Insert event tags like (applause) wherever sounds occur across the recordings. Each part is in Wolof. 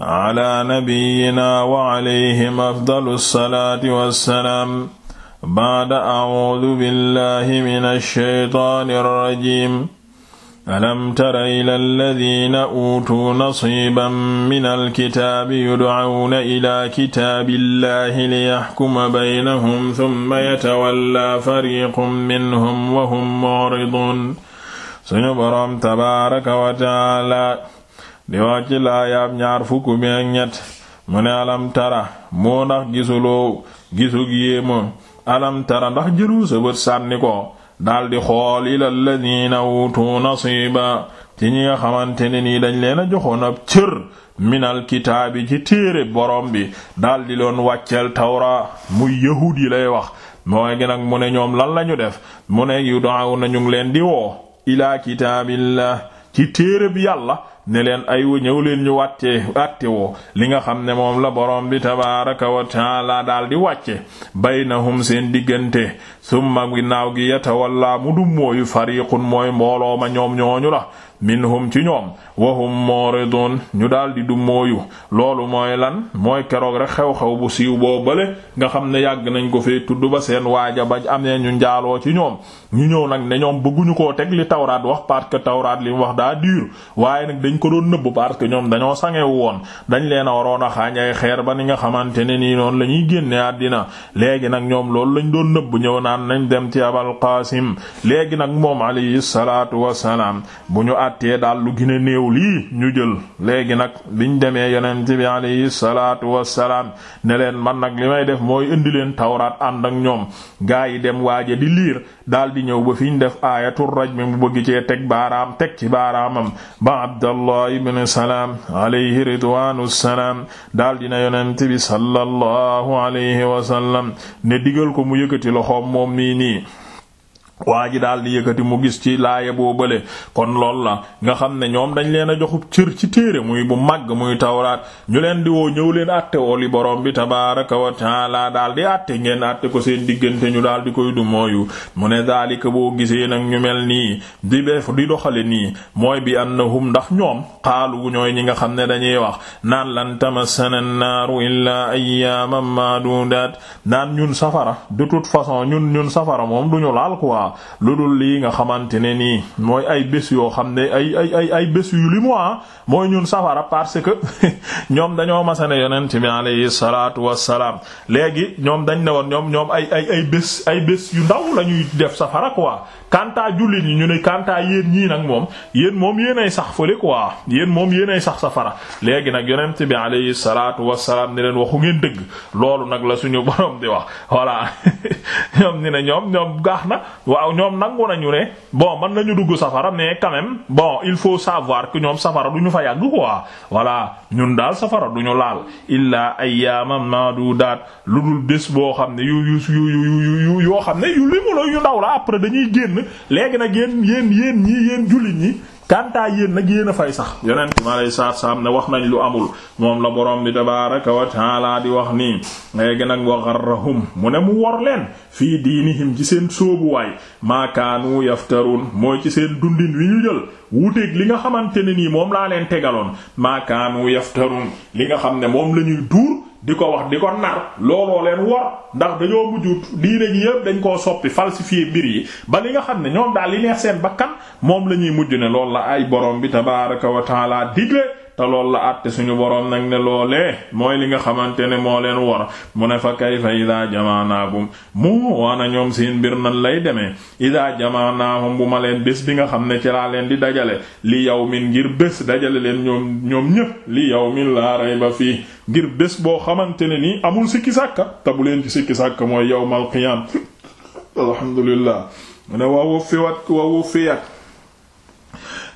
ala nabiyyina wa alayhim afdalu salaati wassalaam ba'da a'uudu billahi mina shaytaani rajiim alam tara ila alladina uutuu nasiiban min alkitaabi yud'awna ila kitaabillahi liyaxkuma baynahum thumma yatawallaa fariqun minhum wa hum mu'riduun suñu boroom tabaaraka wa ta'aala di wax ci laayaab ñaar fukk bi ak ñett mu ne alam tara moo ndax gisuloo gisug yéema alam tara ndax jëru sa bët sànni ko daldi xool ila alladina wutu nasiba ci ñi nga xamante ne nii dañ leen a joxoon ab cër minal kitaabi ci téere borom bi daldi loon wàccel tawra muy yahud yi lay wax mooy gi nag mu ne ñoom lan lañu def mu ne yu daaw nañu ngi leen di woo ilaa kitaabillah ci téere bi yàlla ne leen ay wa ñëw leen ñu wàttee wàtte li nga xam ne moom la boroom bi tabaraka wa taala daal di wàcce baynahum seen diggante summa ginnaaw gi yatawalla mu du mooyu fariqun mooy mbooloo ma ñoom ñooñu la minhum ci ñoom wahum mooridun ñu daal di du mooyu loolu mooy lan mooy keroog rek xew-xew bu siiw boo bale nga xam ne yàgg nañ ko fee tudd ba seen waaja ba amee ñu njaaloo ci ñoom ñu ñëw nag ne ñoom bëgguñu koo tegli li tawraat wax parce que tawraat li wax daa diir waaye nag dañ ko doon nëbb parce que ñoom dañoo sangewu woon dañ leen a waroon a xaañ ay xeer ba ni nga xamante ne nii noonu la ñuy génne àddina léegi nag ñoom loolu lañ doon nëbb ñëw naan nañ dem ci abal qaasim léegi nag moom alayhi salaatu wassalaam attee daal lu gën a lii ñu jël léegi nag biñ demee yonent bi alayhi salaatu wassalaam ne leen man nag li may def mooy indi leen tawraat ànd ak ñoom gaa yi dem waaje di liir daal di ñëw ba fi ñu def aayatul rajm mu bëgg cee teg baaraam teg ci baaraamam ba Abdallah ibn Salaam alayhi ridwaanu salaam daal dina yonent bi sallallahu alayhi wasallam ne digal ko mu yëkkati loxoom moom nii nii waa ji daal di yëkkati mu gis ci laaya boo bële kon loolu la nga xam ne ñoom dañ leen a joxub cër ci téere muy bu màgg muy tawraat ñu leen di woo ñëw leen àtte woo li borom bi tabaaraka wa taala daal di àtte ngeen àtte ko seen diggante ñu daal di koy du mooyu mu ne daalika boo gisee nag ñu mel nii di di doxale nii mooy bi annahum ndax ñoom xaalu ñooy ñi nga xam ne dañuy wax naan lan tamassana naaru illaa ayyaaman maadudaat naan ñun safara de toute façon ñun ñun safara moom duñu laal quoi mois lu dul lii nga xamante ne nii mooy ay bés yoo xam ne ay ay ay ay bés yu li mois ah mooy ñun safara parce que (laughs) ñoom dañoo masane yonent bi alayhi salaatu wassalaam léegi ñoom dañ ne woon ñoom ñoom ay ay ay bés ay bés yu ndaw la ñuy def safara quoi kantaa jullit ñu ne kantaa yéen ñii nag moom yéen moom yéenay sax fële quoi yéen moom yéenay sax safara léegi nag yonent bi alayhi salaatu wassalaam ne leen waxu ngeen dëgg loolu nag la suñu (laughs) borom di wax voilà (laughs) ñoom ñoom gaax na waaw ñoom nangu nañu ne bon mën nañu dugg safara mais quand même bon il faut savoir que ñoom safara du ñu fa yàgg quoi voilà ñun daal safara du ñu laal illaa ayyaaman maadudaat lu dul bés boo xam ne yu yu yu yu yoo xam ne yu limu la yu ndaw la après dañuy génn léegi nag yéen yéen yéen ñii yéen jullit ñi kantaa yéen nag yéen a fay sax yonent mi alayhi salaatu salaam ne wax nañ lu amul moom la borom bi tabaaraka wa taala di wax nii léegi nag wa gharrahum mu ne mu wor leen fii diinihim ci seen sóobuwaay maa kaanu yaftaruun mooy ci seen dundin wi ñu jël wuuteeg li nga xamante ne nii moom laa leen tegaloon maa kaanu yaftaruun li nga xam ne moom lañuy ñuy duur di ko wax di ko nar looloo leen wor ndax dañoo mujj diine ji yëpp dañ koo soppi falsifié mbir yi ba li nga xam ne ñoom daal li neex seen bakkan moom la ñuy mujj ne loolu la ay borom bi tabaaraka wa taala digle te lool la àtte suñu boroom nag ne loolee mooy li nga xamante ne moo leen war mu ne fa kayfa idaa jamaanaakum mu waana ñoom seen mbir nan lay demee idaa jamaanaahum bu ma leen bés bi nga xam ne ci laa leen di dajale li yawmin ngir bés dajale leen ñoom ñoom ñépp li yawmin laa rayba fii ngir bés boo xamante ne nii amul sikki sàkka te leen ci sikki sàkka mooy yawmal qiyaam alhamdulillah mu ne wa wufiwat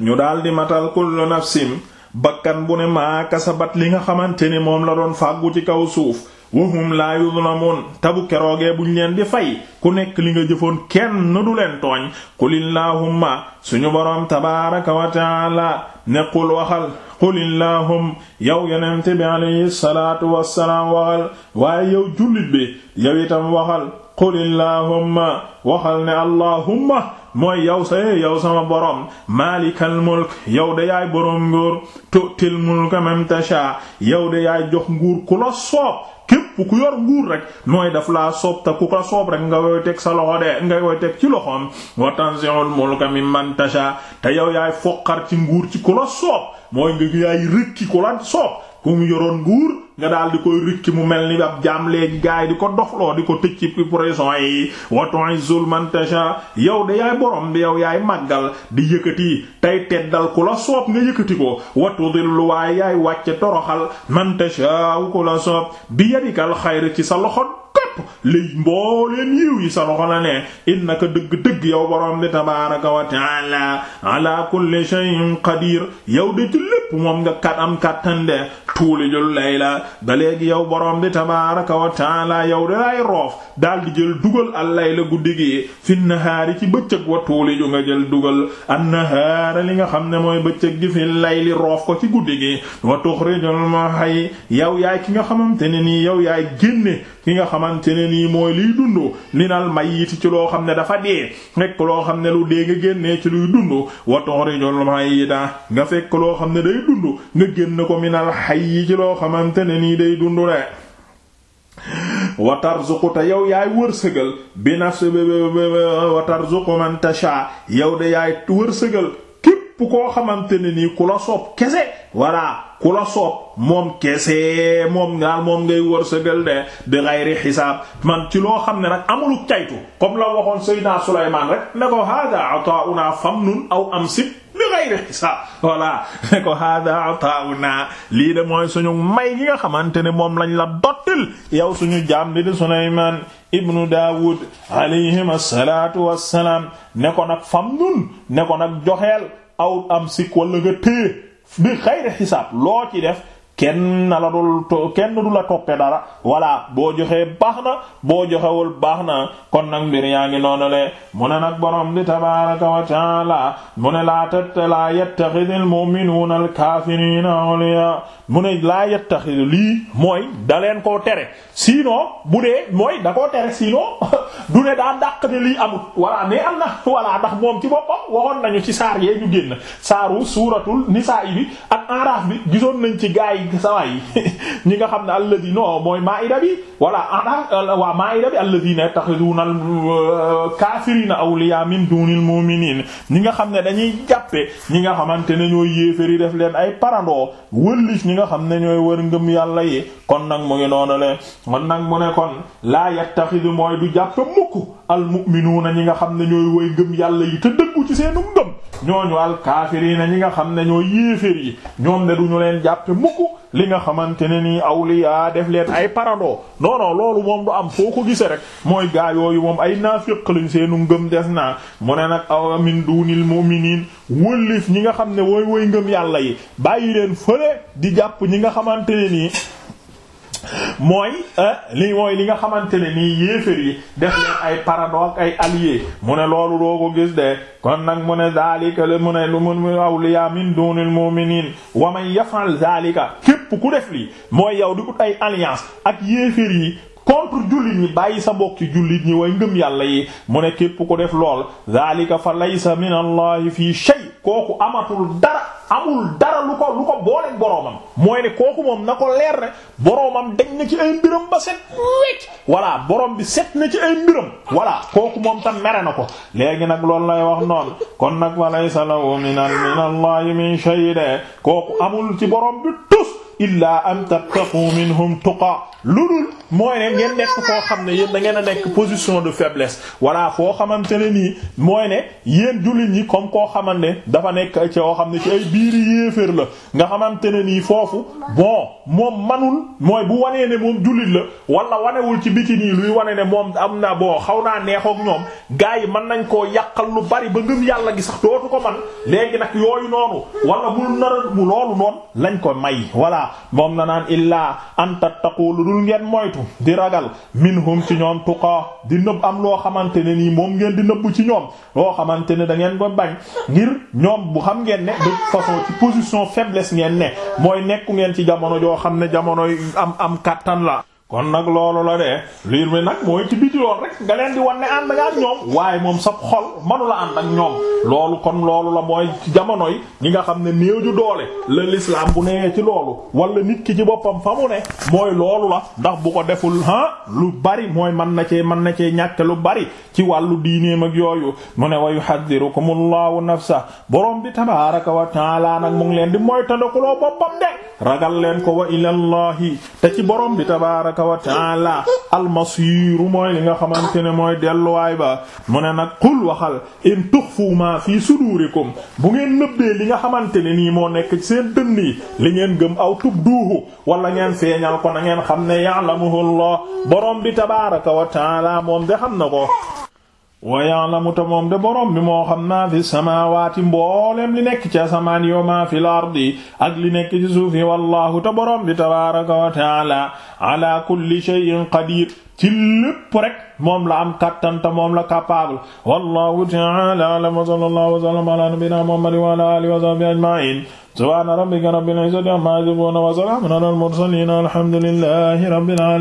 ñu daal di matal kullu nafsin bakkan bu ne maa kasabat li nga xamante ni moom la doon fàggu ci kaw suuf wahum laa yuzlamun tabu keroogee buñ leen di fay ku nekk li nga jëfoon kenn du leen tooñ qulillahumma suñu boroom tabaaraka wa taala ne qul waxal qulillahum yow yonent bi alayhi salaatu wassalaam waxal waaye yow jullit bi yow itam waxal qulillahumma waxal ne allahumma mooy yow sa yow sama borom maalikal mulk yow de yaay borom nguur tu'til mulka man tasha yow de yaay jox nguur ku la soob képp ku yor nguur rek mooy daf laa soob te ku ko soob rek nga koy teg sa loxo de nga koy teg ci loxoom wa tanzi'ul mulka mimman tasha te yow yaay foqar ci nguur ci ku la soob mooy nga yaay rëkki ku la soob ku mu yoroon nguur nga daal di koy ricc mu mel ni ab jaam léegi gaay di ko doxloo di ko tëj ci prison yi watoy zulman tasha yow de yaay borom bi yow yaay màggal di yëkkati tey teddal ku la soob nga yëkkati ko watudillu waaye yaay wàcce toroxal man tasha ku la soob bi yadikal xayr ci sa loxo yépp lay mbooleen yiw yi sa loxo la ne innaka dëgg-dëgg yow borom bi tabaaraka wa taala ala kulli shay'in qadir yow de ci lépp moom nga kat am kàttan de tuulijul layla ba léegi yow borom bi tabaaraka wa taala yow de lay roof daal di jël dugal al-layla guddi gi fi nahaari ci bëccëg wa tuuliju nga jël dugal an-nahaara li nga xam ne mooy bëccëg gi fi layli roof ko ci guddi gi wa tuxrijul mahayy yow yaay ki nga xamante ne nii yow yaay génne ki nga xamante ne nii mooy liy dund minal mayyit ci loo xam ne dafa dee nekk loo xam ne lu dee nga génnee ci luy dund wa tukhrijul mayyita nga fekk loo xam ne day dund nga génn ko minal hayyi ci loo xamante ne nii day dund rek wa tarzuqu te yow yaay wërsëgal bi nafsi wa tarzuqu man tasha yow de yaay wërsëgal koo xamante ne nii ku la soob kese voilà ku la moom kese moom daal moom ngay wërsëgal de bi gayri xisaab man ci loo xam ne nag amuluk caytu comme la waxoon Seydina Sulaymaan rek ne ko hada ata'una famnun aw amsik bi gayri xisaab voilà ne ko hada ata'una lii de mooy suñu may gi nga xamante ne moom lañ la dottil yow suñu jaam di di Sulaymaan ibnu Daawud alayhim assalatu wassalaam ne ko nag famnun ne ko nag joxeel aw am sik wala nga téye bi xayri xisaab loo ci def kenn la dul kenn du la toppe dara voilà boo joxee baax na boo joxewul baax na kon nag mbir yaa ngi noonu le mu ne nag borom di tabaraka wa la mu ne laa ta laa yattaxidil mu'minuuna al-kaafiriina awliyaa mu ne laa yattaxid lii mooy da leen koo tere sinon bu dee mooy da koo tere sinon (laughs) du ne daa dàq ne lii amut voilà mais am na voilà ndax moom ci boppam waxoon nañu ci saar yee ñu génn saaru suuratul nisaa bi ak araaf bi gisoon nañ ci gaay ci sawaay (laughs) ñi nga xam ne alladi no mooy maida bi walla ana waa maida bi alladina yattakhiduna kaafirina awliya min dunil mu'minin nga xam ne dañuy jàppe ñi nga xamante ne ñooy yéefér yi def leen ay parandoo ñi nga xam ne ñooy wër ngëm yàlla yi kon nag mu ngi le kon nag mu ne kon laa yattaxidu mooy du jàppe mukk al ñi nga xam ne ñooy woy ngëm yàlla yi te dëggu ci seenu ngëm ñooñu al kaafiriina ñi nga xam ne ñooy yéefér yi ñoom ne duñu leen jàppe mukk li nga xamante ne nii aw awliya def leen ay parando non loolu moom du am foo ko gisee rek mooy gaa yooyu moom ay naafiq lañ seenu ngëm des naa mu ne nag aw min dunil mu'minin wëllif ñi nga xam ne wooy wooy ngëm yàlla yi bàyyi leen fële di jàpp ñi nga xamante ne nii mooy euh, li mooy li nga xamante ne nii yéefér yi def leen ay paradoxe ay alliés mu ne loolu doo ko gis de kon nag mu ne zalika la mu ne lu mu awliya min dunil mu'minin wa man yaf'al zalika képp ku def lii mooy yow di ut ay alliance ak yéefér yi contre jullit ñi bàyyi sa bokk ci jullit ñi way ngëm yàlla yi mu ne képp ku def lool zalika fa laysa min allahi fi shay kooku amatul dara amul dara lu ko lu ko booleeg boroomam mooy ne kooku moom na ko leer ne boroomam dañ na ci ay mbiram ba set wecc voilà borom bi set na ci ay mbiram voilà kooku moom tam mere na ko léegi nag loolu lay wax noonu kon nag walaysa lahu min min allahi min shay de kooku amul ci borom bi illaa an tabtaqu minhum tuqa lu dul mooy ne ngeen nekk foo xam ne yéen da ngeen a nekk position de faiblesse voilà foo xamante ne nii mooy ne yéen jullit ñi comme koo xamante ne dafa nekk ci yoo xam ne ci ay biiri yéeféer la nga xamante ne nii foofu bon moom manul mooy bu wanee ne moom jullit la wala wanewul ci biti nii luy wane ne moom am na bon xaw naa neexook ñoom gars yi mën nañ koo yàqal lu bari ba ngëm yàlla gi sax dootu ko man léegi nag yooyu noonu wala bu nar ko may moom la naan illaa an tattaqu lu dul ngeen moytu di ragal minhum ci ñoom tuqa di nëbb am loo xamante ne nii moom ngeen di nëbb ci ñoom loo xamante ne da ngeen ko bañ ngir ñoom bu xam ngeen ne de façon ci position faiblesse ngeen ne mooy nekku ngeen ci jamono joo xam ne jamonoy am am kàttan la kon nag loolu la de liir mi nag mooy ci biti lool rek nga leen di wan ànd nga ak ñoom waaye moom sa xol manu la ànd ak ñoom loolu kon loolu la mooy jamono yi ñi nga xam ne néew ju doole la l'islam bu nee ci loolu wala nit ki ci boppam fa mu ne mooy loolu la ndax bu ko deful ah lu bari mooy mën na cee mën na cee ñàkk lu bari ci wàllu diineem ak yooyu mu ne wa yuhaddirukumullahu nafsa borom bi tabaaraka wa taala nag mu ngi leen di mooy tandakuloo boppam de ragal leen ko wa ilallahi te ci bi tabaraka wa taala almasiiru mooy li nga xamante ne mooy delluwaay ba mu ne nag qul waxal in tuxfu ma fii sudurikum bu ngeen nëbbee li nga xamante ne nii moo nekk seen dënn yi li ngeen gëm aw tubduuhu wala ngeen feeñal ko na ngeen xam ne ya'lamuhu Allah borom bi tabaraka wa taala moom de xam na ko wa ya'lamu ta moom de borom bi moo xam maa fi samaawaati mbooleem li nekk ci asamaan yi wa maa fi lardi ak li nekk ci suuf yi wallahu bi tabaaraka wa taala ala kulli shay'in qadir ci lépp a'lam wa sallallahu wa sallama ala nabiyyina muhammadin wa ala alihi wa sahbihi ajma'in subhana rabbika rabbil izzati amma yasifun wa salamun ala al mursalin